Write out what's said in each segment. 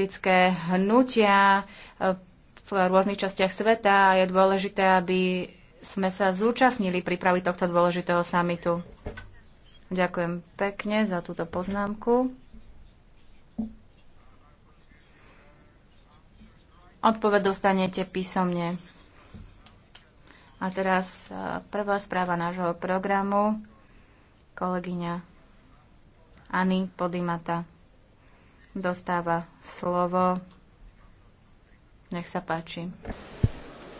teroristické hnutia eh, v rôznych častiach sveta a je dôležité, aby sme sa zúčastnili pripravy tohto dôležitého samitu. Ďakujem pekne za túto poznámku. Odpoved dostanete písomne. A teraz eh, prvá správa nášho programu, kolegyňa Ani Podimata dostáva slovo. Nech sa páči.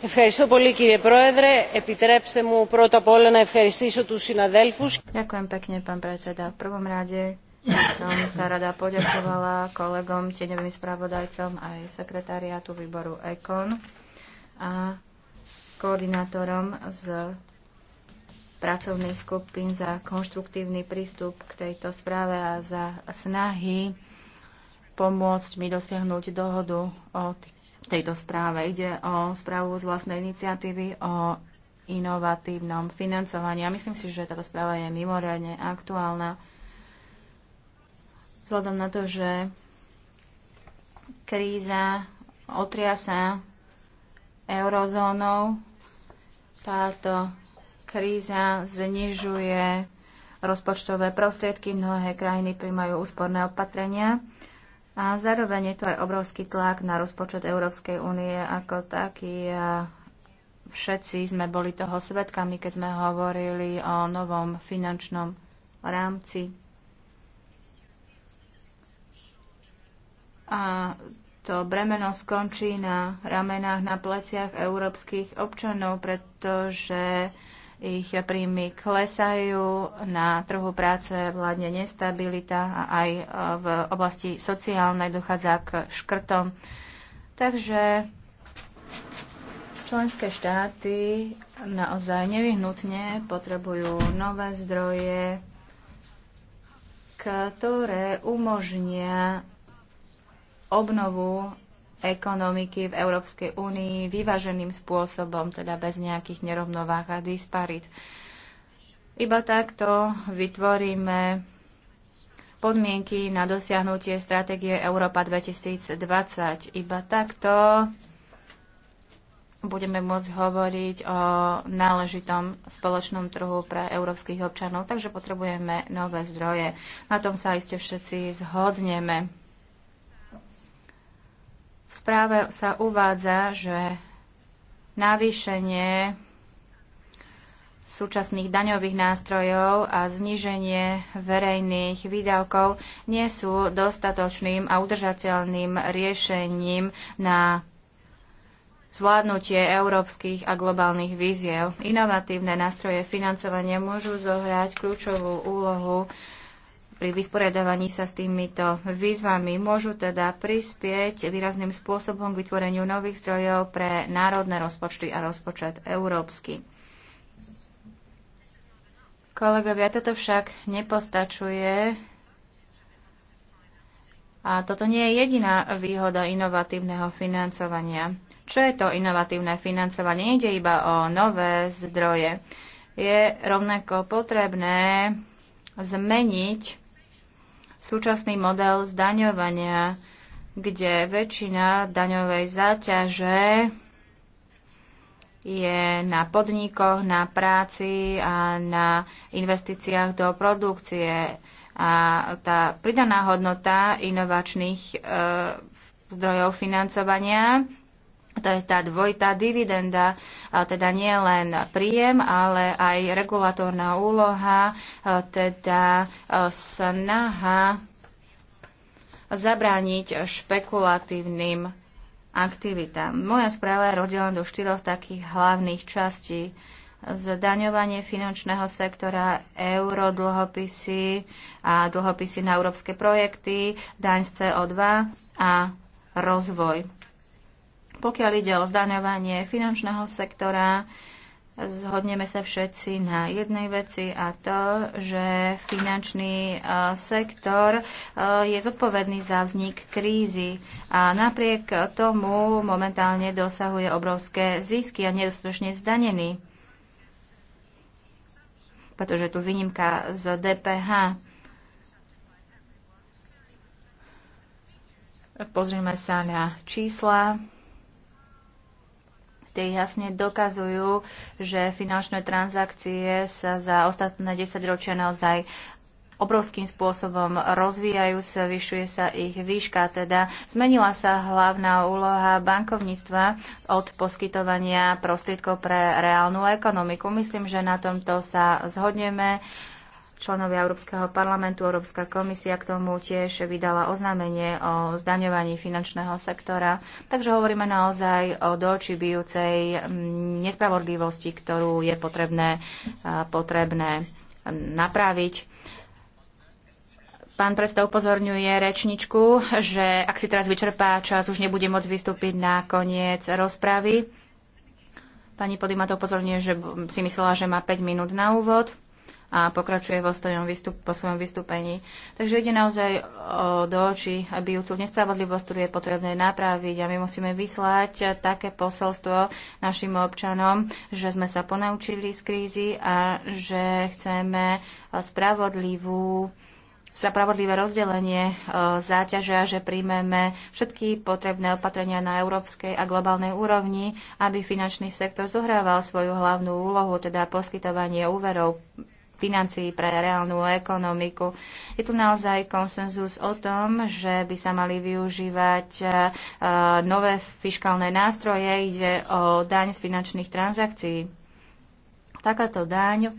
Ευχαριστώ πολύ κύριε Πρόεδρε. Επιτρέψτε μου πρώτα απ' όλα να ευχαριστήσω τους συναδέλφους. Ďakujem pekne, pán predseda. V prvom rade som sa rada poďakovala kolegom, tieňovým spravodajcom aj sekretariátu výboru EKON a koordinátorom z pracovných skupín za konštruktívny prístup k tejto správe a za snahy pomôcť mi dosiahnuť dohodu o tejto správe. Ide o správu z vlastnej iniciatívy o inovatívnom financovaní. A myslím si, že táto správa je mimoriadne aktuálna vzhľadom na to, že kríza otriasa eurozónou. Táto kríza znižuje rozpočtové prostriedky, mnohé krajiny príjmajú úsporné opatrenia a zároveň je to aj obrovský tlak na rozpočet Európskej únie ako taký. A všetci sme boli toho svetkami, keď sme hovorili o novom finančnom rámci. A to bremeno skončí na ramenách, na pleciach európskych občanov, pretože ich eh, príjmy klesajú, na trhu práce vládne nestabilita a aj eh, v oblasti sociálnej dochádza k škrtom. Takže členské štáty naozaj nevyhnutne potrebujú nové zdroje, ktoré umožnia obnovu ekonomiky v Európskej únii vyváženým spôsobom, teda bez nejakých nerovnováh a disparit. Iba takto vytvoríme podmienky na dosiahnutie stratégie Európa 2020. Iba takto budeme môcť hovoriť o náležitom spoločnom trhu pre európskych občanov, takže potrebujeme nové zdroje. Na tom sa iste všetci zhodneme. V správe sa uvádza, že navýšenie súčasných daňových nástrojov a zníženie verejných výdavkov nie sú dostatočným a udržateľným riešením na zvládnutie európskych a globálnych víziev. Inovatívne nástroje financovania môžu zohrať kľúčovú úlohu pri vysporiadavaní sa s týmito výzvami môžu teda prispieť výrazným spôsobom k vytvoreniu nových zdrojov pre národné rozpočty a rozpočet európsky. Kolegovia, toto však nepostačuje. A toto nie je jediná výhoda inovatívneho financovania. Čo je to inovatívne financovanie? Ide iba o nové zdroje. Je rovnako potrebné zmeniť súčasný model zdaňovania, kde väčšina daňovej záťaže je na podnikoch, na práci a na investíciách do produkcie. A tá pridaná hodnota inovačných e, zdrojov financovania to je tá dvojitá dividenda, teda nie len príjem, ale aj regulatórna úloha, teda snaha zabrániť špekulatívnym aktivitám. Moja správa je rozdelená do štyroch takých hlavných častí. Zdaňovanie finančného sektora, euro, dlhopisy a dlhopisy na európske projekty, daň z CO2 a rozvoj. Pokiaľ ide o zdaňovanie finančného sektora, zhodneme sa všetci na jednej veci a to, že finančný e, sektor e, je zodpovedný za vznik krízy a napriek tomu momentálne dosahuje obrovské zisky a nedostatočne zdanený, pretože tu výnimka z DPH. Pozrieme sa na čísla. Tie jasne dokazujú, že finančné transakcie sa za ostatné 10 ročia naozaj obrovským spôsobom rozvíjajú sa, vyšuje sa ich výška, teda zmenila sa hlavná úloha bankovníctva od poskytovania prostriedkov pre reálnu ekonomiku. Myslím, že na tomto sa zhodneme členovia Európskeho parlamentu, Európska komisia k tomu tiež vydala oznámenie o zdaňovaní finančného sektora. Takže hovoríme naozaj o doči bijúcej mm, nespravodlivosti, ktorú je potrebné, potrebné napraviť. Pán predseda upozorňuje rečničku, že ak si teraz vyčerpá čas, už nebude môcť vystúpiť na koniec rozpravy. Pani Podima to upozorňuje, že si myslela, že má 5 minút na úvod a pokračuje vo svojom, vystup, po svojom vystúpení. Takže ide naozaj o, do očí tú nespravodlivosť, ktorú je potrebné napraviť a my musíme vyslať také posolstvo našim občanom, že sme sa ponaučili z krízy a že chceme spravodlivú spravodlivé rozdelenie záťaže a že príjmeme všetky potrebné opatrenia na európskej a globálnej úrovni, aby finančný sektor zohrával svoju hlavnú úlohu, teda poskytovanie úverov financií pre reálnu ekonomiku. Je tu naozaj konsenzus o tom, že by sa mali využívať e, nové fiskálne nástroje. Ide o daň z finančných transakcií. Takáto daň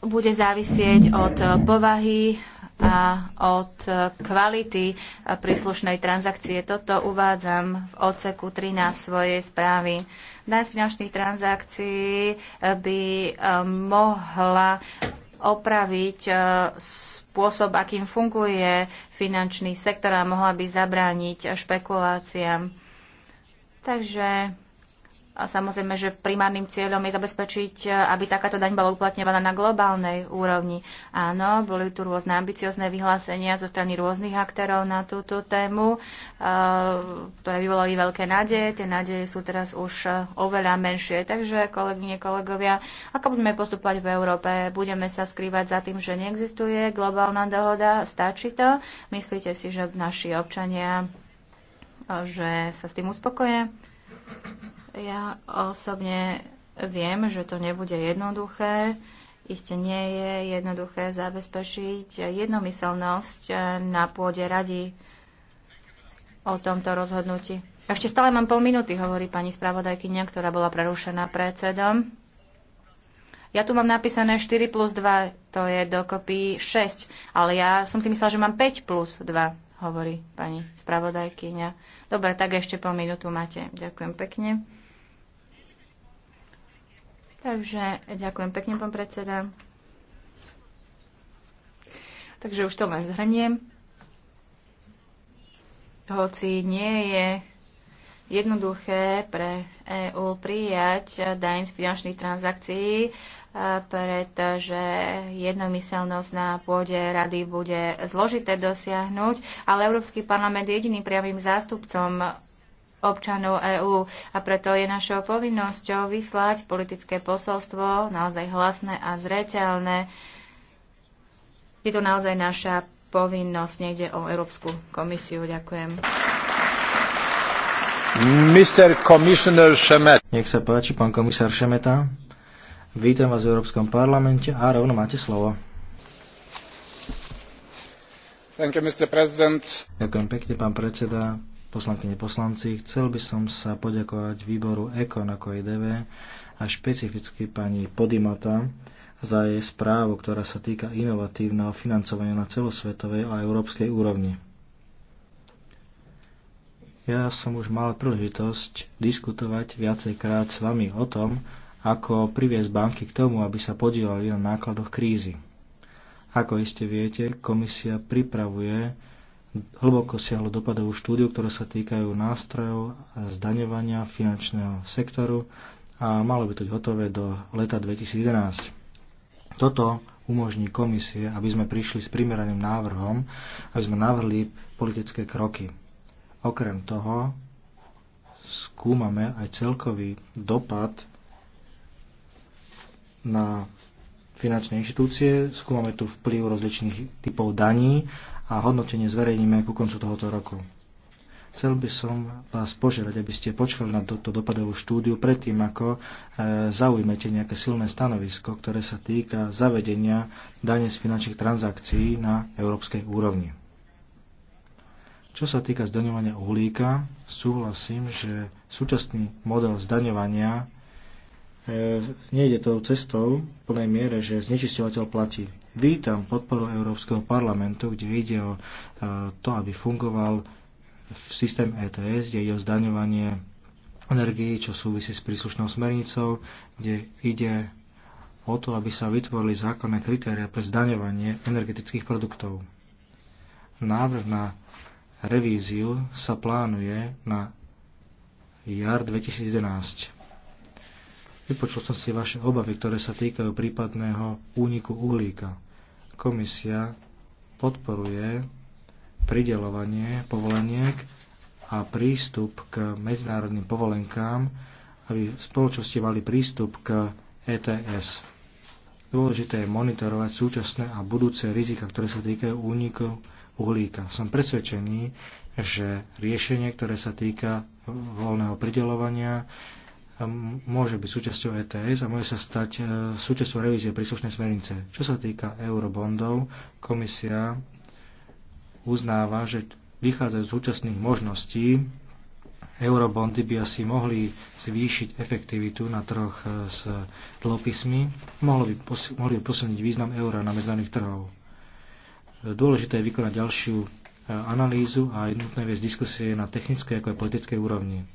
bude závisieť od povahy a od kvality príslušnej transakcie. Toto uvádzam v odseku 13 svojej správy. Daň z finančných transakcií by e, mohla opraviť e, spôsob, akým funguje finančný sektor a mohla by zabrániť špekuláciám. Takže a samozrejme, že primárnym cieľom je zabezpečiť, aby takáto daň bola uplatňovaná na globálnej úrovni. Áno, boli tu rôzne ambiciozne vyhlásenia zo strany rôznych aktérov na túto tému, eh, ktoré vyvolali veľké nádeje. Tie nádeje sú teraz už eh, oveľa menšie. Takže, kolegyne, kolegovia, ako budeme postupovať v Európe? Budeme sa skrývať za tým, že neexistuje globálna dohoda? Stačí to? Myslíte si, že naši občania eh, že sa s tým uspokoje? Ja osobne viem, že to nebude jednoduché. Iste nie je jednoduché zabezpečiť jednomyselnosť na pôde radi o tomto rozhodnutí. Ešte stále mám pol minúty, hovorí pani spravodajkynia, ktorá bola prerušená predsedom. Ja tu mám napísané 4 plus 2, to je dokopy 6, ale ja som si myslela, že mám 5 plus 2, hovorí pani spravodajkyňa. Dobre, tak ešte pol minútu máte. Ďakujem pekne. Takže ďakujem pekne, pán predseda. Takže už to len zhrniem. Hoci nie je jednoduché pre EÚ prijať daň z finančných transakcií, e, pretože jednomyselnosť na pôde rady bude zložité dosiahnuť, ale Európsky parlament je jediným priamým zástupcom občanov EÚ. A preto je našou povinnosťou vyslať politické posolstvo naozaj hlasné a zreteľné. Je to naozaj naša povinnosť. Nejde o Európsku komisiu. Ďakujem. Mr. Commissioner Šemet. Nech sa páči, pán komisár Šemeta. Vítam vás v Európskom parlamente a rovno máte slovo. You, Ďakujem pekne, pán predseda, poslankyne poslanci. Chcel by som sa poďakovať výboru EKON ako KOIDV a špecificky pani Podimata za jej správu, ktorá sa týka inovatívneho financovania na celosvetovej a európskej úrovni. Ja som už mal príležitosť diskutovať viacejkrát s vami o tom, ako priviesť banky k tomu, aby sa podielali na nákladoch krízy. Ako iste viete, komisia pripravuje hlboko siahlo dopadovú štúdiu, ktoré sa týkajú nástrojov zdaňovania finančného sektoru a malo by to byť hotové do leta 2011. Toto umožní komisie, aby sme prišli s primeraným návrhom, aby sme navrhli politické kroky. Okrem toho skúmame aj celkový dopad na finančné inštitúcie, skúmame tu vplyv rozličných typov daní a hodnotenie zverejníme ku koncu tohoto roku. Chcel by som vás požiadať, aby ste počkali na toto dopadovú štúdiu predtým, ako e, zaujmete nejaké silné stanovisko, ktoré sa týka zavedenia dane z finančných transakcií na európskej úrovni. Čo sa týka zdaňovania uhlíka, súhlasím, že súčasný model zdaňovania e, nejde tou cestou v plnej miere, že znečisťovateľ platí. Vítam podporu Európskeho parlamentu, kde ide o e, to, aby fungoval v systém ETS, kde ide o zdaňovanie energii, čo súvisí s príslušnou smernicou, kde ide o to, aby sa vytvorili zákonné kritéria pre zdaňovanie energetických produktov. Návrh na revíziu sa plánuje na jar 2011. Vypočul som si vaše obavy, ktoré sa týkajú prípadného úniku uhlíka. Komisia podporuje pridelovanie povoleniek a prístup k medzinárodným povolenkám, aby spoločnosti mali prístup k ETS. Dôležité je monitorovať súčasné a budúce rizika, ktoré sa týkajú únikov uhlíka. Som presvedčený, že riešenie, ktoré sa týka voľného pridelovania, môže byť súčasťou ETS a môže sa stať e, súčasťou revízie príslušnej smernice. Čo sa týka eurobondov, komisia uznáva, že vychádzajú z súčasných možností, eurobondy by asi mohli zvýšiť efektivitu na troch e, s dlhopismi, mohli by, pos- mohli by posilniť význam eura na medzaných trhov. Dôležité je vykonať ďalšiu e, analýzu a jednotné viesť diskusie na technickej ako aj politickej úrovni.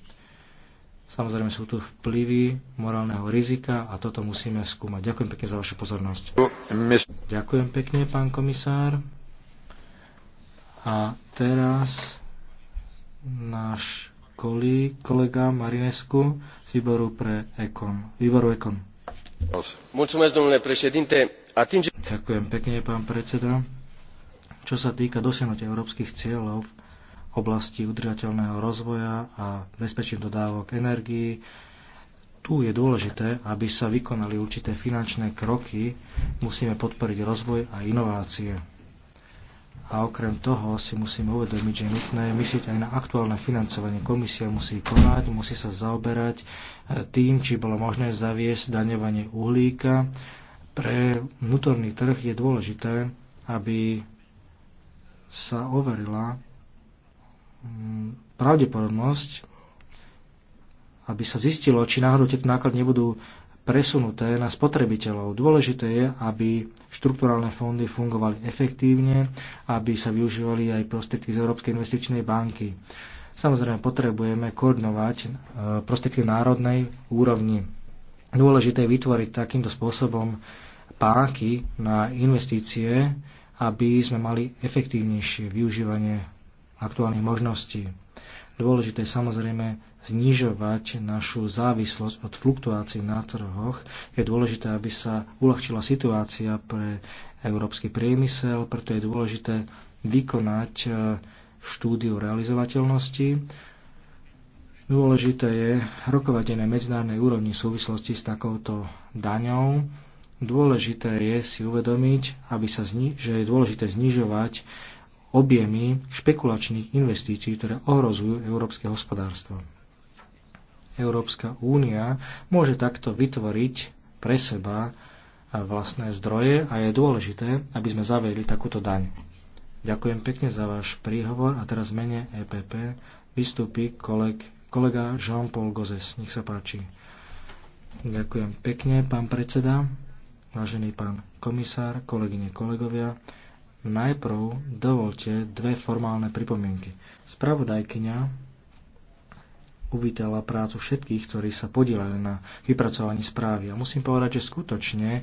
Samozrejme sú tu vplyvy morálneho rizika a toto musíme skúmať. Ďakujem pekne za vašu pozornosť. Ďakujem pekne, pán komisár. A teraz náš kolega Marinescu z výboru pre Ekon. Výboru Ekon. Ďakujem pekne, pán predseda. Čo sa týka dosiahnutia európskych cieľov v oblasti udržateľného rozvoja a bezpečných dodávok energii. Tu je dôležité, aby sa vykonali určité finančné kroky. Musíme podporiť rozvoj a inovácie. A okrem toho si musíme uvedomiť, že je nutné myslieť aj na aktuálne financovanie. Komisia musí konať, musí sa zaoberať e, tým, či bolo možné zaviesť daňovanie uhlíka. Pre vnútorný trh je dôležité, aby sa overila Mm, pravdepodobnosť, aby sa zistilo, či náhodou tieto náklady nebudú presunuté na spotrebiteľov. Dôležité je, aby štrukturálne fondy fungovali efektívne, aby sa využívali aj prostriedky z Európskej investičnej banky. Samozrejme, potrebujeme koordinovať e, prostriedky národnej úrovni. Dôležité je vytvoriť takýmto spôsobom páky na investície, aby sme mali efektívnejšie využívanie aktuálnych možností. Dôležité je samozrejme znižovať našu závislosť od fluktuácií na trhoch. Je dôležité, aby sa uľahčila situácia pre európsky priemysel, preto je dôležité vykonať e, štúdiu realizovateľnosti. Dôležité je rokovať aj na medzinárnej úrovni v súvislosti s takouto daňou. Dôležité je si uvedomiť, aby sa zni- že je dôležité znižovať objemy špekulačných investícií, ktoré ohrozujú európske hospodárstvo. Európska únia môže takto vytvoriť pre seba vlastné zdroje a je dôležité, aby sme zavedli takúto daň. Ďakujem pekne za váš príhovor a teraz mene EPP vystúpi koleg, kolega Jean-Paul Gozes. Nech sa páči. Ďakujem pekne, pán predseda, vážený pán komisár, kolegyne, kolegovia. Najprv dovolte dve formálne pripomienky. Spravodajkyňa uvítala prácu všetkých, ktorí sa podielali na vypracovaní správy. A musím povedať, že skutočne e,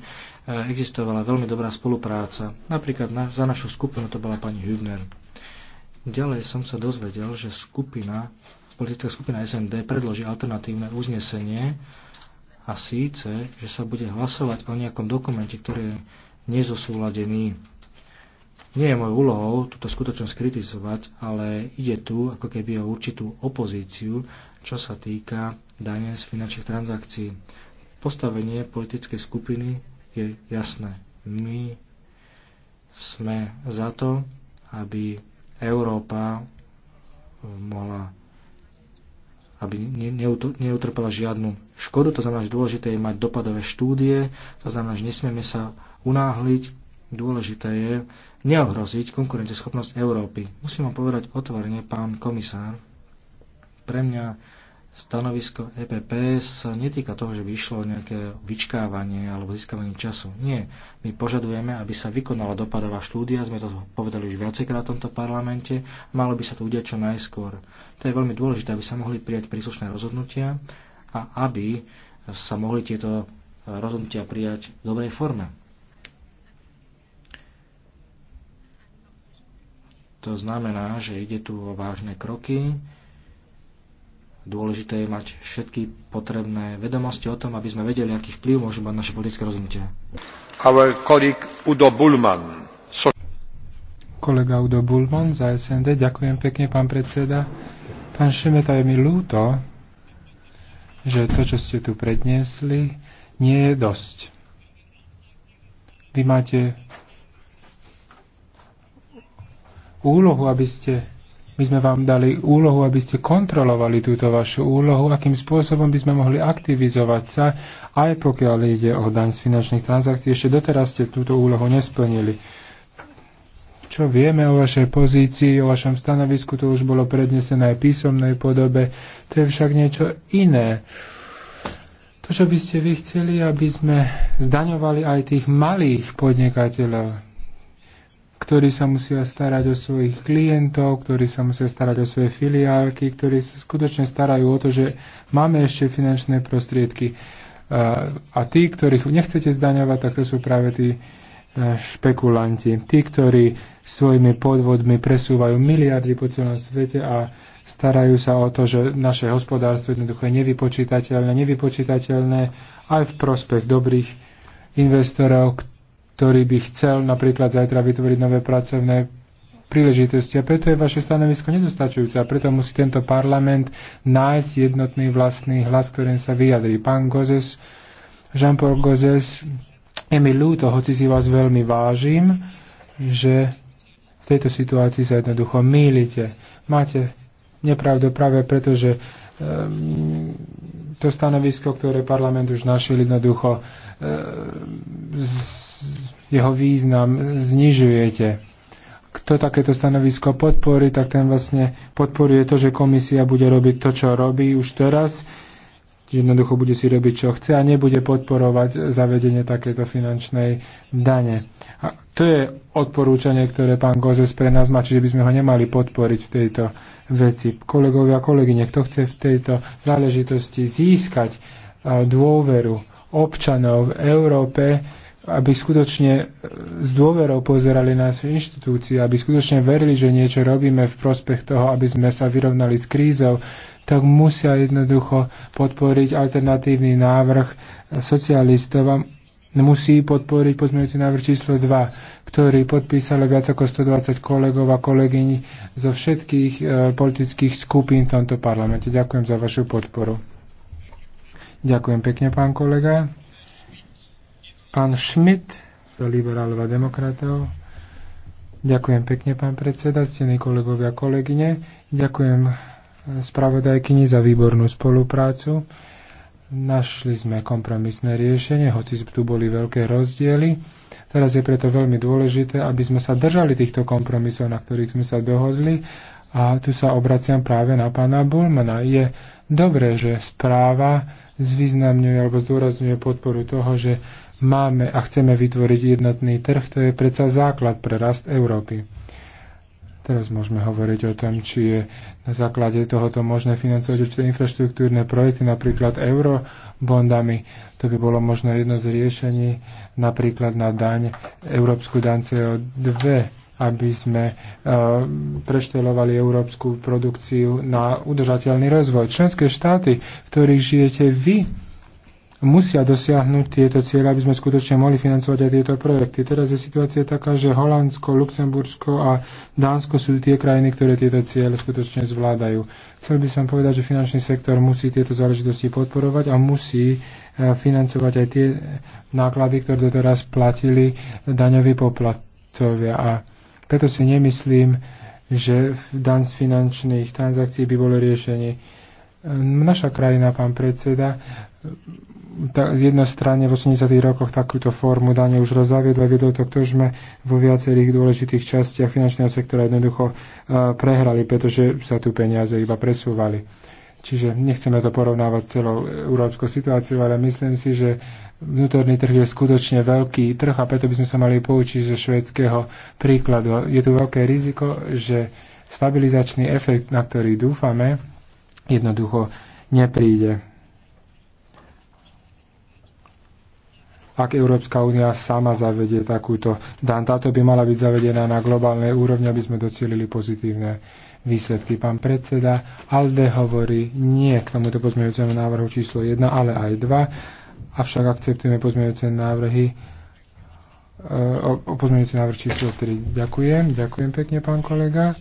existovala veľmi dobrá spolupráca. Napríklad na, za našu skupinu to bola pani Hübner. Ďalej som sa dozvedel, že skupina, politická skupina SND predloží alternatívne uznesenie a síce, že sa bude hlasovať o nejakom dokumente, ktorý je nezosúladený nie je mojou úlohou túto skutočnosť kritizovať, ale ide tu ako keby o určitú opozíciu, čo sa týka dane z finančných transakcií. Postavenie politickej skupiny je jasné. My sme za to, aby Európa eh, mohla aby neutrpela žiadnu škodu. To znamená, že dôležité je mať dopadové štúdie, to znamená, že nesmieme sa unáhliť, Dôležité je neohroziť konkurenceschopnosť Európy. Musím vám povedať otvorene, pán komisár, pre mňa stanovisko EPP sa netýka toho, že by išlo nejaké vyčkávanie alebo získavanie času. Nie. My požadujeme, aby sa vykonala dopadová štúdia, sme to povedali už viacejkrát v tomto parlamente, malo by sa to udiať čo najskôr. To je veľmi dôležité, aby sa mohli prijať príslušné rozhodnutia a aby sa mohli tieto rozhodnutia prijať v dobrej forme. To znamená, že ide tu o vážne kroky. Dôležité je mať všetky potrebné vedomosti o tom, aby sme vedeli, aký vplyv môžu mať naše politické rozhodnutia. Our colleague Udo Bullman. So... Kolega Udo Bullman za SND. Ďakujem pekne, pán predseda. Pán Šemeta, je mi ľúto, že to, čo ste tu predniesli, nie je dosť. Vy máte úlohu, aby ste my sme vám dali úlohu, aby ste kontrolovali túto vašu úlohu, akým spôsobom by sme mohli aktivizovať sa, aj pokiaľ ide o daň z finančných transakcií. Ešte doteraz ste túto úlohu nesplnili. Čo vieme o vašej pozícii, o vašom stanovisku, to už bolo prednesené aj v písomnej podobe. To je však niečo iné. To, čo by ste vy chceli, aby sme zdaňovali aj tých malých podnikateľov, ktorí sa musia starať o svojich klientov, ktorí sa musia starať o svoje filiálky, ktorí sa skutočne starajú o to, že máme ešte finančné prostriedky. A tí, ktorých nechcete zdaňovať, tak to sú práve tí e, špekulanti. Tí, ktorí svojimi podvodmi presúvajú miliardy po celom svete a starajú sa o to, že naše hospodárstvo jednoducho je nevypočítateľné, nevypočítateľné aj v prospech dobrých investorov, ktorý by chcel napríklad zajtra vytvoriť nové pracovné príležitosti. A preto je vaše stanovisko nedostačujúce a preto musí tento parlament nájsť jednotný vlastný hlas, ktorým sa vyjadrí. Pán Gozes, Jean-Paul Gozes, je mi ľúto, hoci si vás veľmi vážim, že v tejto situácii sa jednoducho mýlite. Máte nepravdu práve preto, že ehm, to stanovisko, ktoré parlament už našiel, jednoducho ehm, z jeho význam znižujete. Kto takéto stanovisko podporí, tak ten vlastne podporuje to, že komisia bude robiť to, čo robí už teraz, jednoducho bude si robiť, čo chce a nebude podporovať zavedenie takéto finančnej dane. A to je odporúčanie, ktoré pán Gozes pre nás má, čiže by sme ho nemali podporiť v tejto veci. Kolegovia a kolegyne, kto chce v tejto záležitosti získať eh, dôveru občanov v Európe, aby skutočne e, s dôverou pozerali na inštitúcie, aby skutočne verili, že niečo robíme v prospech toho, aby sme sa vyrovnali s krízou, tak musia jednoducho podporiť alternatívny návrh socialistov a musí podporiť pozmeňujúci návrh číslo 2, ktorý podpísalo viac ako 120 kolegov a kolegyň zo všetkých e, politických skupín v tomto parlamente. Ďakujem za vašu podporu. Ďakujem pekne, pán kolega. Pán Schmidt za liberálov a demokratov. Ďakujem pekne, pán predseda, ctení kolegovia a kolegyne. Ďakujem eh, spravodajkyni za výbornú spoluprácu. Našli sme kompromisné riešenie, hoci tu boli veľké rozdiely. Teraz je preto veľmi dôležité, aby sme sa držali týchto kompromisov, na ktorých sme sa dohodli. A tu sa obraciam práve na pána Bulmana. Je dobré, že správa zvýznamňuje alebo zdôrazňuje podporu toho, že máme a chceme vytvoriť jednotný trh, to je predsa základ pre rast Európy. Teraz môžeme hovoriť o tom, či je na základe tohoto možné financovať určité infraštruktúrne projekty, napríklad eurobondami. To by bolo možno jedno z riešení, napríklad na daň, európsku daň CO2, aby sme uh, e, preštelovali európsku produkciu na udržateľný rozvoj. Členské štáty, v ktorých žijete vy, musia dosiahnuť tieto cieľe, aby sme skutočne mohli financovať aj tieto projekty. Teraz je situácia taká, že Holandsko, Luxembursko a Dánsko sú tie krajiny, ktoré tieto cieľe skutočne zvládajú. Chcel by som povedať, že finančný sektor musí tieto záležitosti podporovať a musí e, financovať aj tie náklady, ktoré doteraz platili daňoví poplatcovia. A preto si nemyslím, že dan z finančných transakcií by bolo riešenie. E, naša krajina, pán predseda, z jednej strany v 80. rokoch takúto formu dane už rozaviedla, viedlo to k že sme vo viacerých dôležitých častiach finančného sektora jednoducho e, prehrali, pretože sa tu peniaze iba presúvali. Čiže nechceme to porovnávať s celou európskou situáciou, ale myslím si, že vnútorný trh je skutočne veľký trh a preto by sme sa mali poučiť zo švedského príkladu. Je tu veľké riziko, že stabilizačný efekt, na ktorý dúfame, jednoducho nepríde. ak Európska únia sama zavedie takúto dan. Táto by mala byť zavedená na globálnej úrovni, aby sme docielili pozitívne výsledky. Pán predseda Alde hovorí nie k tomuto pozmeňujúcemu návrhu číslo 1, ale aj 2, avšak akceptujeme pozmeňujúce návrhy e, o pozmeňujúci návrh číslo 3. Ďakujem, ďakujem pekne, pán kolega.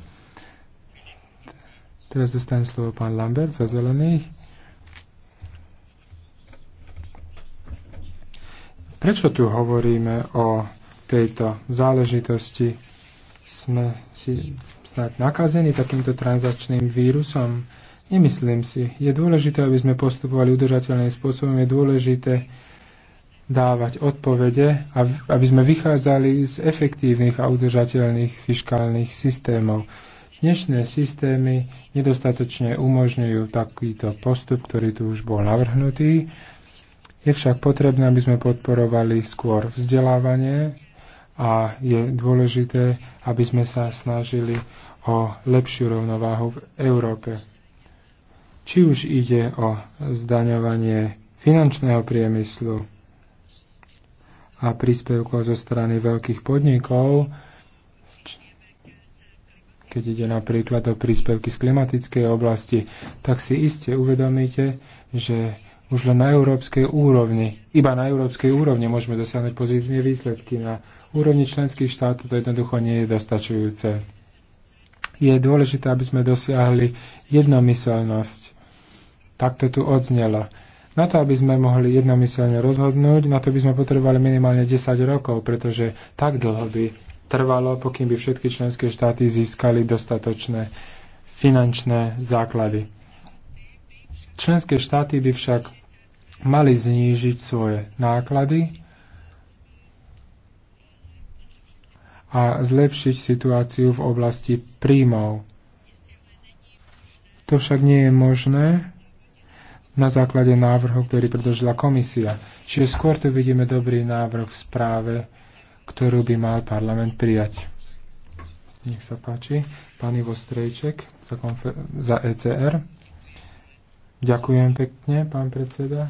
Teraz dostane slovo pán Lambert za zelených. Prečo tu hovoríme o tejto záležitosti? Sme si snáď nakazení takýmto transačným vírusom? Nemyslím si. Je dôležité, aby sme postupovali udržateľným spôsobom. Je dôležité dávať odpovede, aby sme vychádzali z efektívnych a udržateľných fiskálnych systémov. Dnešné systémy nedostatočne umožňujú takýto postup, ktorý tu už bol navrhnutý je však potrebné, aby sme podporovali skôr vzdelávanie a je dôležité, aby sme sa snažili o lepšiu rovnováhu v Európe. Či už ide o zdaňovanie finančného priemyslu a príspevkov zo strany veľkých podnikov, keď ide napríklad o príspevky z klimatickej oblasti, tak si iste uvedomíte, že už len na európskej úrovni, iba na európskej úrovni môžeme dosiahnuť pozitívne výsledky. Na úrovni členských štátov to jednoducho nie je dostačujúce. Je dôležité, aby sme dosiahli jednomyselnosť. Tak to tu odznelo. Na to, aby sme mohli jednomyselne rozhodnúť, na to by sme potrebovali minimálne 10 rokov, pretože tak dlho by trvalo, pokým by všetky členské štáty získali dostatočné finančné základy. Členské štáty by však mali znížiť svoje náklady a zlepšiť situáciu v oblasti príjmov. To však nie je možné na základe návrhu, ktorý predložila komisia. Čiže skôr tu vidíme dobrý návrh v správe, ktorú by mal parlament prijať. Nech sa páči. pani Vostrejček za, za ECR. Ďakujem pekne, pán predseda.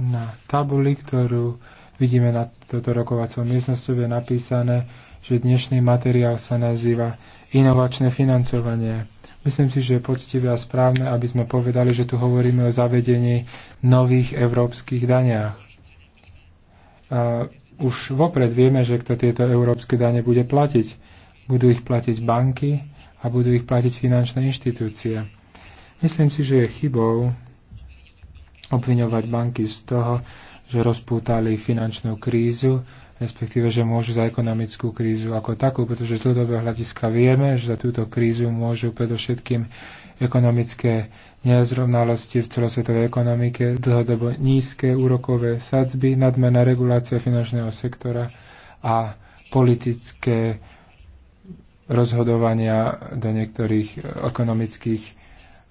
Na tabuli, ktorú vidíme na toto rokovacom miestnosti, je napísané, že dnešný materiál sa nazýva inovačné financovanie. Myslím si, že je poctivé a správne, aby sme povedali, že tu hovoríme o zavedení nových európskych daniach. A už vopred vieme, že kto tieto európske dane bude platiť. Budú ich platiť banky, a budú ich platiť finančné inštitúcie. Myslím si, že je chybou obviňovať banky z toho, že rozpútali finančnú krízu, respektíve, že môžu za ekonomickú krízu ako takú, pretože z dlhodobého hľadiska vieme, že za túto krízu môžu predovšetkým ekonomické nezrovnalosti v celosvetovej ekonomike, dlhodobo nízke úrokové sadzby, nadmená regulácia finančného sektora a politické rozhodovania, do niektorých e, ekonomických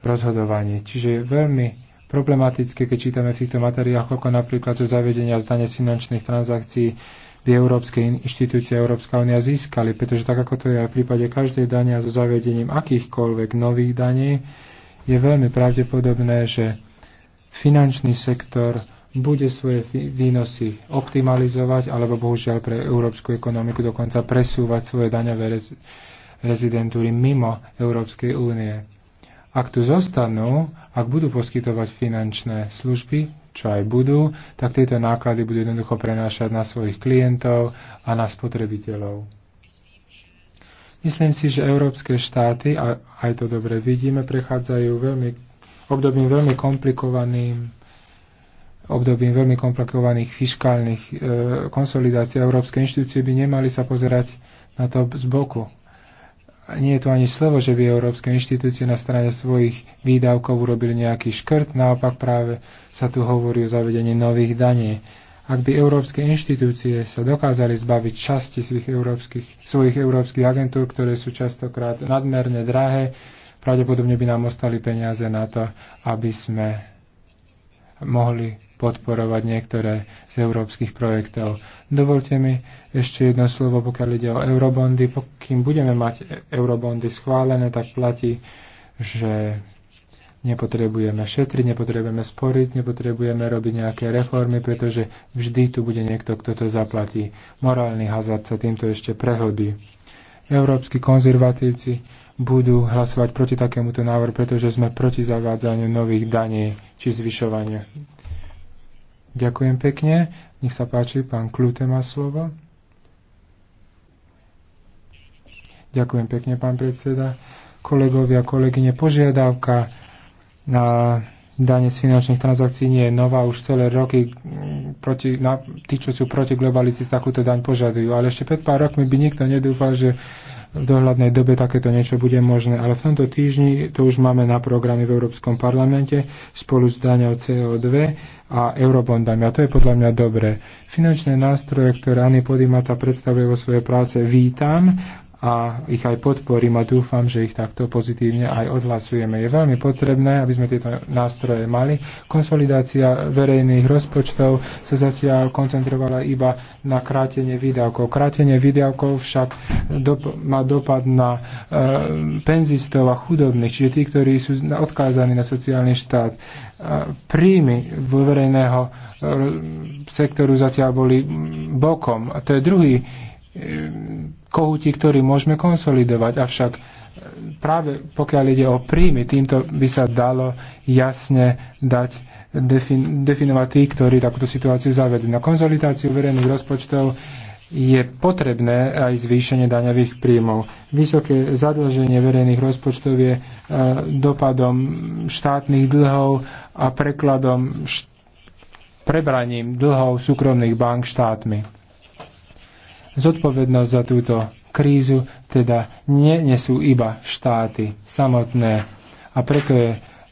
rozhodovaní. Čiže je veľmi problematické, keď čítame v týchto materiáloch, ako napríklad zo zavedenia zdane z finančných transakcií by európske inštitúcie Európska únia získali, pretože tak ako to je aj v prípade každej dania so zavedením akýchkoľvek nových daní, je veľmi pravdepodobné, že finančný sektor bude svoje výnosy optimalizovať, alebo bohužiaľ pre európsku ekonomiku dokonca presúvať svoje daňové rez- rezidentúry mimo Európskej únie. Ak tu zostanú, ak budú poskytovať finančné služby, čo aj budú, tak tieto náklady budú jednoducho prenášať na svojich klientov a na spotrebiteľov. Myslím si, že európske štáty, a aj to dobre vidíme, prechádzajú veľmi, obdobím veľmi komplikovaným obdobím veľmi komplikovaných fiskálnych e, konsolidácií európske inštitúcie by nemali sa pozerať na to z boku. Nie je to ani slovo, že by európske inštitúcie na strane svojich výdavkov urobili nejaký škrt, naopak práve sa tu hovorí o zavedení nových daní. Ak by európske inštitúcie sa dokázali zbaviť časti svojich európskych, svojich európskych agentúr, ktoré sú častokrát nadmerne drahé, pravdepodobne by nám ostali peniaze na to, aby sme mohli podporovať niektoré z európskych projektov. Dovolte mi ešte jedno slovo, pokiaľ ide o eurobondy. Pokým budeme mať eurobondy schválené, tak platí, že nepotrebujeme šetriť, nepotrebujeme sporiť, nepotrebujeme robiť nejaké reformy, pretože vždy tu bude niekto, kto to zaplatí. Morálny hazard sa týmto ešte prehlbí. Európsky konzervatívci budú hlasovať proti takémuto návrhu, pretože sme proti zavádzaniu nových daní či zvyšovania. Ďakujem pekne. Nech sa páči, pán Klute má slovo. Ďakujem pekne, pán predseda. Kolegovia, kolegyne, požiadavka na dane z finančných transakcií nie je nová, už celé roky proti, na, tí, čo sú proti globalici, takúto daň požadujú. Ale ešte pred pár rokmi by nikto nedúfal, že v dohľadnej dobe takéto niečo bude možné. Ale v tomto týždni to už máme na programe v Európskom parlamente spolu s daňou CO2 a eurobondami. A to je podľa mňa dobré. Finančné nástroje, ktoré Ani Podimata predstavuje vo svojej práce, vítam a ich aj podporím a dúfam, že ich takto pozitívne aj odhlasujeme. Je veľmi potrebné, aby sme tieto nástroje mali. Konsolidácia verejných rozpočtov sa zatiaľ koncentrovala iba na krátenie výdavkov. Krátenie výdavkov však dop- má dopad na e, penzistov a chudobných, čiže tí, ktorí sú odkázaní na sociálny štát. E, príjmy vo verejného e, sektoru zatiaľ boli bokom. A to je druhý e, kohúti, ktorý môžeme konsolidovať. Avšak e, práve pokiaľ ide o príjmy, týmto by sa dalo jasne dať defin, definovať tí, ktorí takúto situáciu zavedú. Na konzolidáciu verejných rozpočtov je potrebné aj zvýšenie daňových príjmov. Vysoké zadlženie verejných rozpočtov je e, dopadom štátnych dlhov a prekladom št- prebraním dlhov súkromných bank štátmi. Zodpovednosť za túto krízu teda nenesú iba štáty samotné a preto je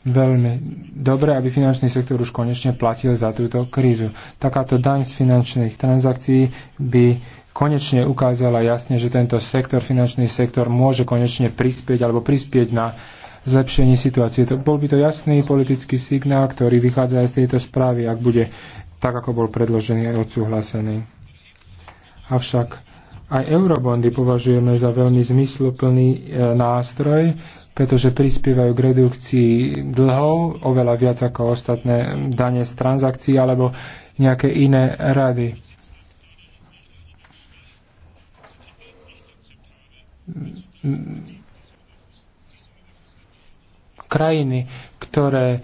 veľmi dobré, aby finančný sektor už konečne platil za túto krízu. Takáto daň z finančných transakcií by konečne ukázala jasne, že tento sektor, finančný sektor môže konečne prispieť alebo prispieť na zlepšení situácie. To, bol by to jasný politický signál, ktorý vychádza aj z tejto správy, ak bude tak, ako bol predložený a odsúhlasený. Avšak aj eurobondy považujeme za veľmi zmysluplný e, nástroj, pretože prispievajú k redukcii dlhov oveľa viac ako ostatné dane z transakcií alebo nejaké iné rady. Krajiny, ktoré e,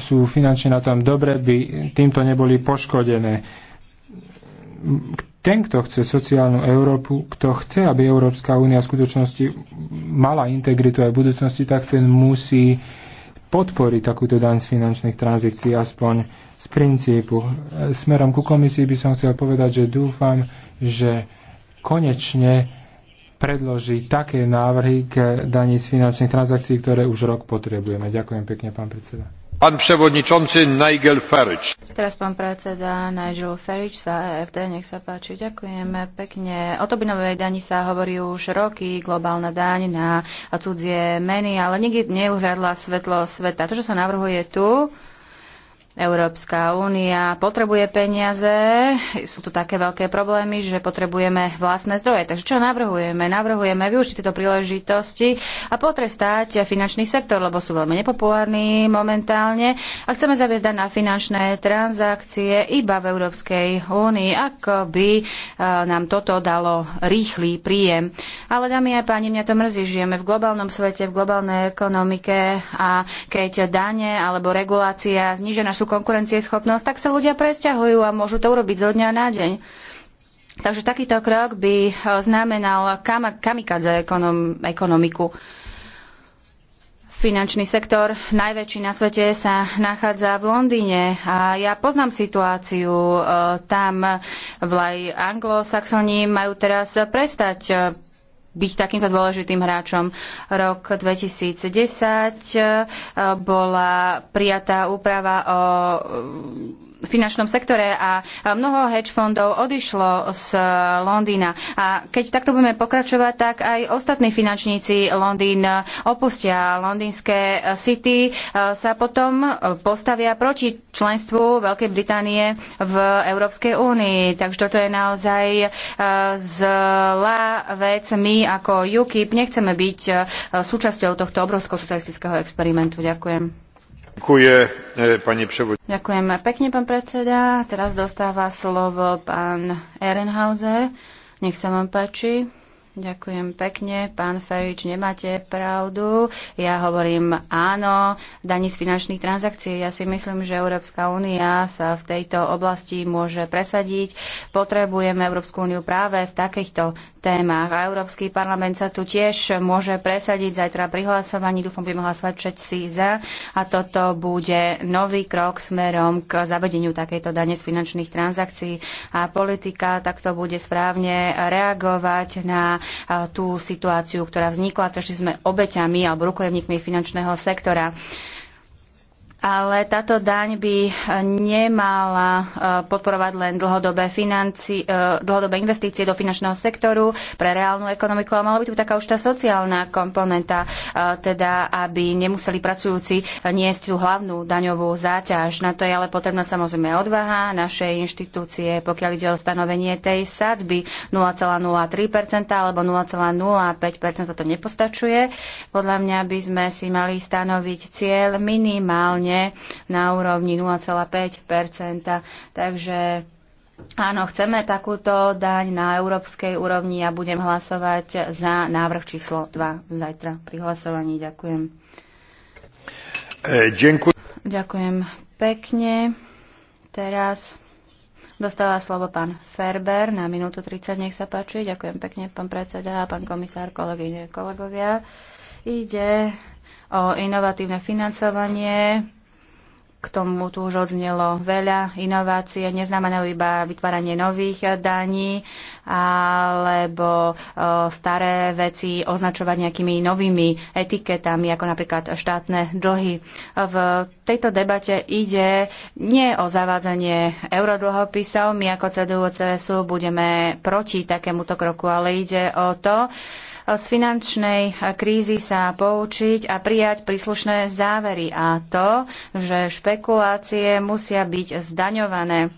sú finančne na tom dobre, by týmto neboli poškodené ten, kto chce sociálnu Európu, kto chce, aby Európska únia v skutočnosti mala integritu aj v budúcnosti, tak ten musí podporiť takúto daň z finančných tranzikcií aspoň z princípu. Smerom ku komisii by som chcel povedať, že dúfam, že konečne predloží také návrhy k daní z finančných transakcií, ktoré už rok potrebujeme. Ďakujem pekne, pán predseda. Pán prevodničonci Nigel Farage. Teraz pán predseda Nigel Farage za EFD, nech sa páči. Ďakujeme pekne. O Tobinovej dani sa hovorí už roky, globálna daň na cudzie meny, ale nikdy neuhľadla svetlo sveta. To, čo sa navrhuje tu, Európska únia potrebuje peniaze, sú tu také veľké problémy, že potrebujeme vlastné zdroje. Takže čo navrhujeme? Navrhujeme využiť tieto príležitosti a potrestať finančný sektor, lebo sú veľmi nepopulárni momentálne a chceme zaviesť na finančné transakcie iba v Európskej únii, ako by e, nám toto dalo rýchly príjem. Ale dámy a páni, mňa to mrzí, žijeme v globálnom svete, v globálnej ekonomike a keď dane alebo regulácia znižená sú konkurencieschopnosť, tak sa ľudia presťahujú a môžu to urobiť zo dňa na deň. Takže takýto krok by eh, znamenal kamikadze ekonom, ekonomiku. Finančný sektor, najväčší na svete, sa nachádza v Londýne a ja poznám situáciu eh, tam. Vlaj anglosaxoni majú teraz prestať eh, byť takýmto dôležitým hráčom. Rok 2010 eh, bola prijatá úprava o finančnom sektore a mnoho hedge fondov odišlo z e, Londýna. A keď takto budeme pokračovať, tak aj ostatní finančníci Londýn opustia. Londýnske e, city e, sa potom postavia proti členstvu Veľkej Británie v Európskej únii. Takže toto je naozaj zlá vec. My ako UKIP nechceme byť súčasťou tohto obrovského socialistického experimentu. Ďakujem. Eh, Ďakujem pekne, pán predseda. Teraz dostáva slovo pán Ehrenhauser. Nech sa vám páči. Ďakujem pekne. Pán Ferič, nemáte pravdu. Ja hovorím áno, daní z finančných transakcií. Ja si myslím, že Európska únia sa v tejto oblasti môže presadiť. Potrebujeme Európsku úniu práve v takýchto témach. A Európsky parlament sa tu tiež môže presadiť zajtra pri hlasovaní. Dúfam, budeme hlasovať všetci za. A toto bude nový krok smerom k zavedeniu takejto dane z finančných transakcií. A politika takto bude správne reagovať na tú situáciu, ktorá vznikla, takže sme obeťami alebo rukojemníkmi finančného sektora ale táto daň by eh, nemala eh, podporovať len dlhodobé, financi, eh, dlhodobé investície do finančného sektoru pre reálnu ekonomiku, ale mala by tu taká už tá sociálna komponenta, teda aby nemuseli pracujúci niesť tú hlavnú daňovú záťaž. Na to je ale potrebná samozrejme odvaha našej inštitúcie, pokiaľ ide o stanovenie tej sadzby 0,03% alebo 0,05% to nepostačuje. Podľa mňa by sme si mali stanoviť cieľ minimálne ročne na úrovni 0,5 Takže Áno, chceme takúto daň na európskej úrovni. Ja budem hlasovať za návrh číslo 2 zajtra pri hlasovaní. Ďakujem. E, ďakujem. Ďakujem pekne. Teraz dostáva slovo pán Ferber na minútu 30, nech sa páči. Ďakujem pekne, pán predseda, pán komisár, kolegyne, kolegovia. Ide o inovatívne financovanie k tomu tu už odznelo veľa. Inovácie neznamenajú iba vytváranie nových daní alebo e, staré veci označovať nejakými novými etiketami, ako napríklad štátne dlhy. V tejto debate ide nie o zavádzanie eurodlhopisov. My ako CDU CSU budeme proti takémuto kroku, ale ide o to, z finančnej krízy sa poučiť a prijať príslušné závery a to, že špekulácie musia byť zdaňované.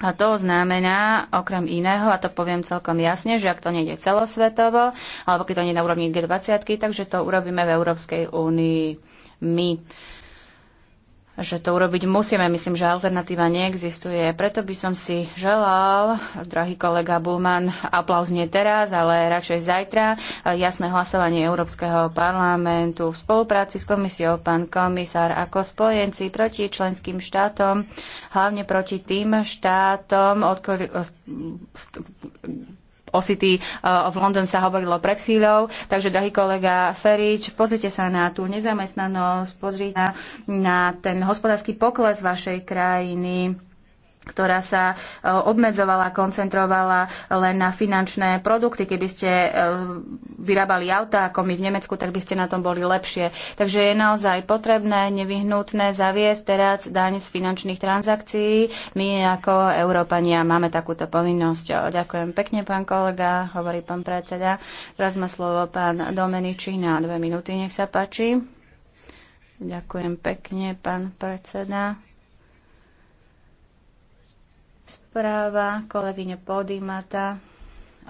A to znamená, okrem iného, a to poviem celkom jasne, že ak to nejde celosvetovo, alebo keď to nie na úrovni G20, takže to urobíme v Európskej únii my že to urobiť musíme. Myslím, že alternatíva neexistuje. Preto by som si želal, drahý kolega Bulman, aplauz nie teraz, ale radšej zajtra, jasné hlasovanie Európskeho parlamentu v spolupráci s komisiou, pán komisár, ako spojenci proti členským štátom, hlavne proti tým štátom, od o City e, v London sa hovorilo pred chvíľou. Takže, drahý kolega Ferič, pozrite sa na tú nezamestnanosť, pozrite na, na ten hospodársky pokles vašej krajiny ktorá sa e, obmedzovala, koncentrovala len na finančné produkty. Keby ste e, vyrábali auta ako my v Nemecku, tak by ste na tom boli lepšie. Takže je naozaj potrebné, nevyhnutné zaviesť teraz daň z finančných transakcií. My ako Európania máme takúto povinnosť. Ďakujem pekne, pán kolega, hovorí pán predseda. Teraz má slovo pán Domeniči na dve minúty, nech sa páči. Ďakujem pekne, pán predseda. Správa kolegyne Podimata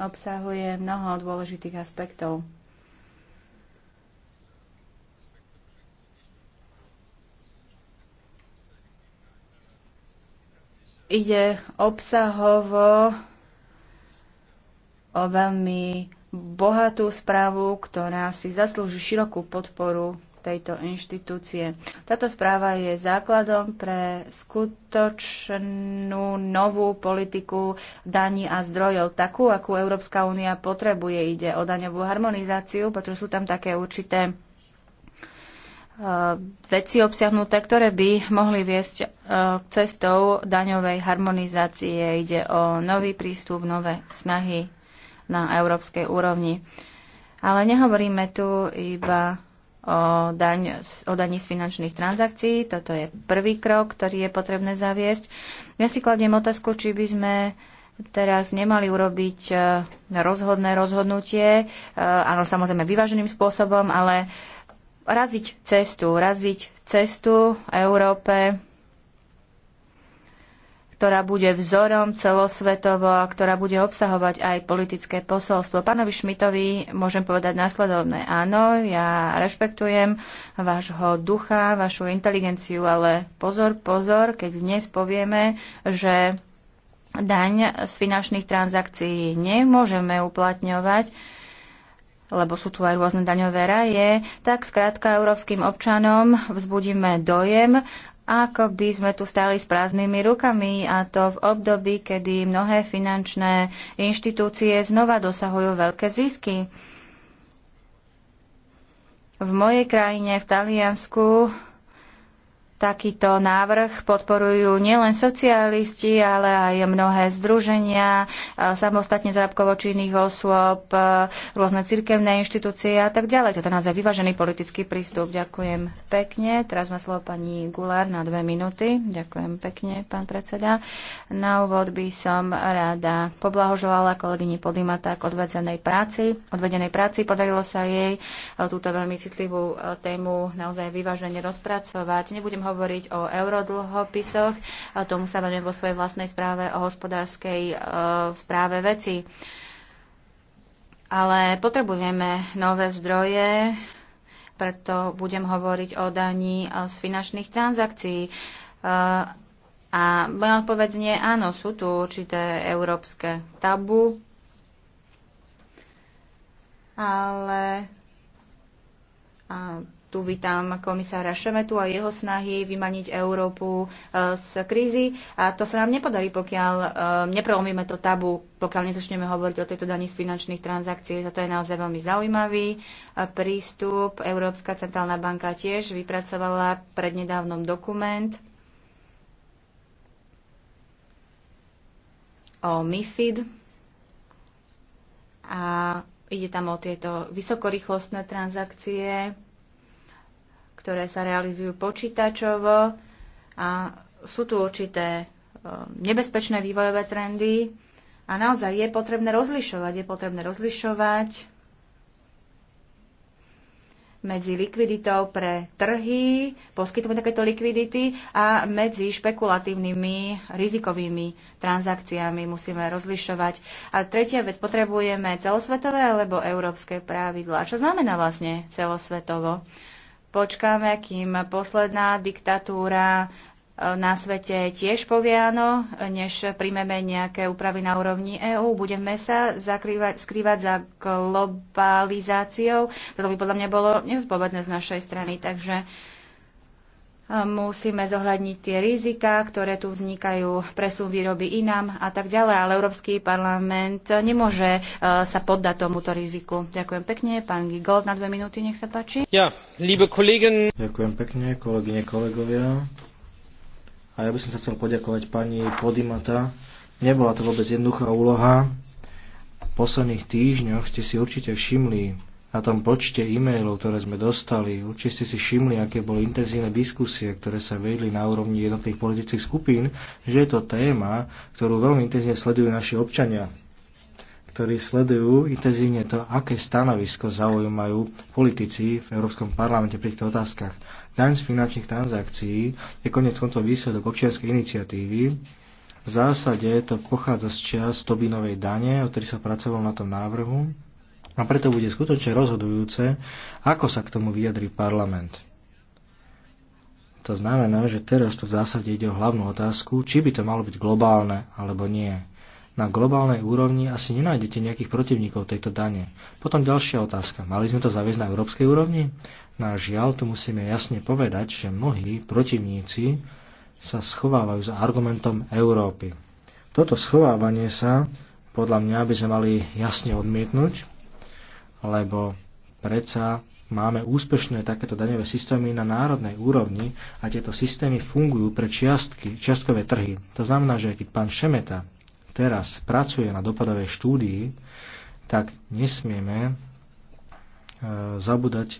obsahuje mnoho dôležitých aspektov. ide obsahovo o veľmi bohatú správu, ktorá si zaslúži širokú podporu tejto inštitúcie. Táto správa je základom pre skutočnú novú politiku daní a zdrojov, takú, akú Európska únia potrebuje. Ide o daňovú harmonizáciu, pretože sú tam také určité e, veci obsiahnuté, ktoré by mohli viesť e, cestou daňovej harmonizácie. Ide o nový prístup, nové snahy na európskej úrovni. Ale nehovoríme tu iba o, daň, o daní z finančných transakcií. Toto je prvý krok, ktorý je potrebné zaviesť. Ja si kladiem otázku, či by sme teraz nemali urobiť e, rozhodné rozhodnutie, e, áno, samozrejme vyváženým spôsobom, ale raziť cestu, raziť cestu Európe ktorá bude vzorom celosvetovo a ktorá bude obsahovať aj politické posolstvo. Pánovi Šmitovi môžem povedať následovné. Áno, ja rešpektujem vášho ducha, vašu inteligenciu, ale pozor, pozor, keď dnes povieme, že daň z finančných transakcií nemôžeme uplatňovať, lebo sú tu aj rôzne daňové raje, tak skrátka európskym občanom vzbudíme dojem, ako by sme tu stáli s prázdnymi rukami a to v období, kedy mnohé finančné inštitúcie znova dosahujú veľké zisky. V mojej krajine, v Taliansku, Takýto návrh podporujú nielen socialisti, ale aj mnohé združenia, samostatne zrábkovo osôb, rôzne cirkevné inštitúcie a tak ďalej. Toto naozaj vyvážený politický prístup. Ďakujem pekne. Teraz má slovo pani Gulár na dve minúty. Ďakujem pekne, pán predseda. Na úvod by som rada poblahožovala kolegyni Podimata k odvedenej práci. Odvedenej práci podarilo sa jej túto veľmi citlivú tému naozaj vyvážene rozpracovať. Nebudem hovoriť o eurodlhopisoch. A tomu sa venujem vo svojej vlastnej správe o hospodárskej e, správe veci. Ale potrebujeme nové zdroje, preto budem hovoriť o daní z finančných transakcií. E, a moja odpoveď nie, áno, sú tu určité európske tabu, ale a tu vítam komisára Šemetu a jeho snahy vymaniť Európu e, z krízy. A to sa nám nepodarí, pokiaľ e, neprelomíme to tabu, pokiaľ nezačneme hovoriť o tejto daní z finančných transakcií. Toto je naozaj veľmi zaujímavý e, prístup. Európska centrálna banka tiež vypracovala prednedávnom dokument o MIFID a ide tam o tieto vysokorýchlostné transakcie, ktoré sa realizujú počítačovo a sú tu určité e, nebezpečné vývojové trendy a naozaj je potrebné rozlišovať. Je potrebné rozlišovať medzi likviditou pre trhy, poskytovať takéto likvidity a medzi špekulatívnymi rizikovými transakciami musíme rozlišovať. A tretia vec, potrebujeme celosvetové alebo európske pravidlá. Čo znamená vlastne celosvetovo? počkáme, kým posledná diktatúra e, na svete tiež povie áno, než príjmeme nejaké úpravy na úrovni EÚ. Budeme sa zakrývať, skrývať za globalizáciou. Toto by podľa mňa bolo nezodpovedné z našej strany. Takže uh, musíme zohľadniť tie rizika, ktoré tu vznikajú, presú výroby inám a tak ďalej, ale Európsky parlament nemôže e, sa poddať tomuto riziku. Ďakujem pekne. Pán Gigold na dve minúty, nech sa páči. Ja, liebe kolegen... Ďakujem pekne, kolegyne, kolegovia. A ja by som sa chcel poďakovať pani Podimata. Nebola to vôbec jednoduchá úloha. V posledných týždňoch ste si určite všimli, na tom počte e-mailov, ktoré sme dostali, určite ste si všimli, aké boli intenzívne diskusie, ktoré sa vedli na úrovni jednotných politických skupín, že je to téma, ktorú veľmi intenzívne sledujú naši občania, ktorí sledujú intenzívne to, aké stanovisko zaujímajú politici v Európskom parlamente pri týchto otázkach. Daň z finančných transakcií je konec koncov výsledok občianskej iniciatívy. V zásade to pochádza z čias Tobinovej dane, o ktorej sa pracovalo na tom návrhu a preto bude skutočne rozhodujúce, ako sa k tomu vyjadrí parlament. To znamená, že teraz tu v zásade ide o hlavnú otázku, či by to malo byť globálne alebo nie. Na globálnej úrovni asi nenájdete nejakých protivníkov tejto dane. Potom ďalšia otázka. Mali sme to zaviesť na európskej úrovni? Na no žiaľ, tu musíme jasne povedať, že mnohí protivníci sa schovávajú za argumentom Európy. Toto schovávanie sa podľa mňa by sme mali jasne odmietnúť lebo predsa máme úspešné takéto daňové systémy na národnej úrovni a tieto systémy fungujú pre čiastky, čiastkové trhy. To znamená, že keď pán Šemeta teraz pracuje na dopadovej štúdii, tak nesmieme e, zabúdať e,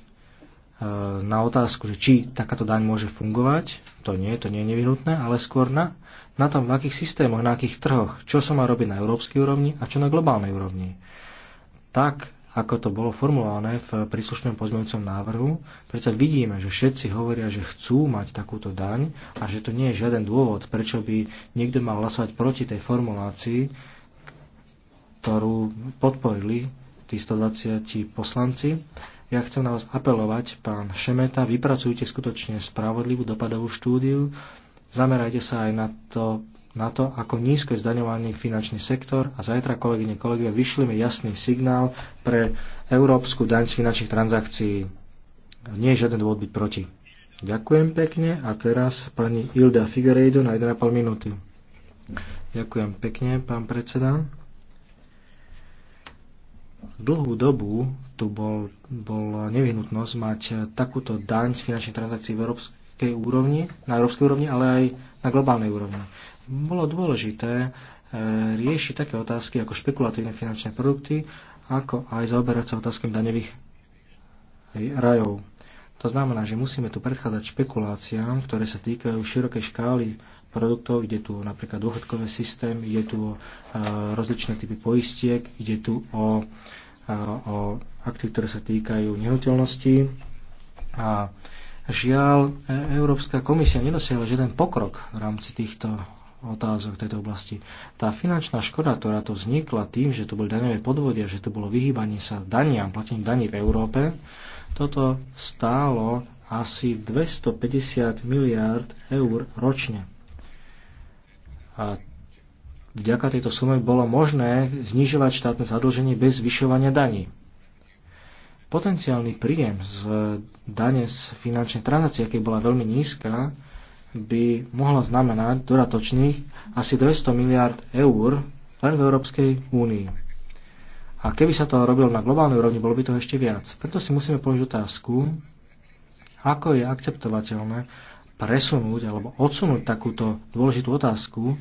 na otázku, že či takáto daň môže fungovať. To nie, to nie je nevyhnutné, ale skôr na, na tom, v akých systémoch, na akých trhoch, čo sa má robiť na európskej úrovni a čo na globálnej úrovni. Tak ako to bolo formulované v príslušnom pozmeňujúcom návrhu. predsa vidíme, že všetci hovoria, že chcú mať takúto daň a že to nie je žiaden dôvod, prečo by niekto mal hlasovať proti tej formulácii, ktorú podporili tí 120 poslanci. Ja chcem na vás apelovať, pán Šemeta, vypracujte skutočne spravodlivú dopadovú štúdiu, zamerajte sa aj na to na to, ako nízko je zdaňovaný finančný sektor a zajtra, kolegyne, kolegovia, vyšlime jasný signál pre európsku daň z finančných transakcií. Nie je žiaden dôvod byť proti. Ďakujem pekne a teraz pani Ilda Figueiredo na 1,5 minúty. Ďakujem pekne, pán predseda. Dlhú dobu tu bol, bola nevyhnutnosť mať takúto daň z finančných transakcií v Európskej úrovni, na európskej úrovni, ale aj na globálnej úrovni bolo dôležité e, riešiť také otázky ako špekulatívne finančné produkty, ako aj zaoberať sa otázkami daňových rajov. To znamená, že musíme tu predchádzať špekuláciám, ktoré sa týkajú širokej škály produktov. Ide tu napríklad dôchodkový systém, ide tu o e, rozličné typy poistiek, ide tu o, e, o akty, ktoré sa týkajú nehnuteľností. A žiaľ, Európska komisia nedosiahla žiaden pokrok v rámci týchto otázok v tejto oblasti. Tá finančná škoda, ktorá to vznikla tým, že tu boli daňové podvody a že tu bolo vyhýbanie sa daniam, platením daní v Európe, toto stálo asi 250 miliárd eur ročne. A vďaka tejto sume bolo možné znižovať štátne zadlženie bez zvyšovania daní. Potenciálny príjem z dane z finančnej transakcie, keď bola veľmi nízka, by mohla znamenať dodatočných asi 200 miliard eur len v Európskej únii. A keby sa to robilo na globálnej úrovni, bolo by to ešte viac. Preto si musíme položiť otázku, ako je akceptovateľné presunúť alebo odsunúť takúto dôležitú otázku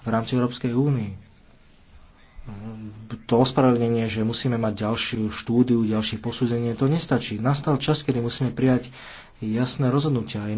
v rámci Európskej únii. To ospravedlnenie, že musíme mať ďalšiu štúdiu, ďalšie posúdenie, to nestačí. Nastal čas, kedy musíme prijať jasné rozhodnutia.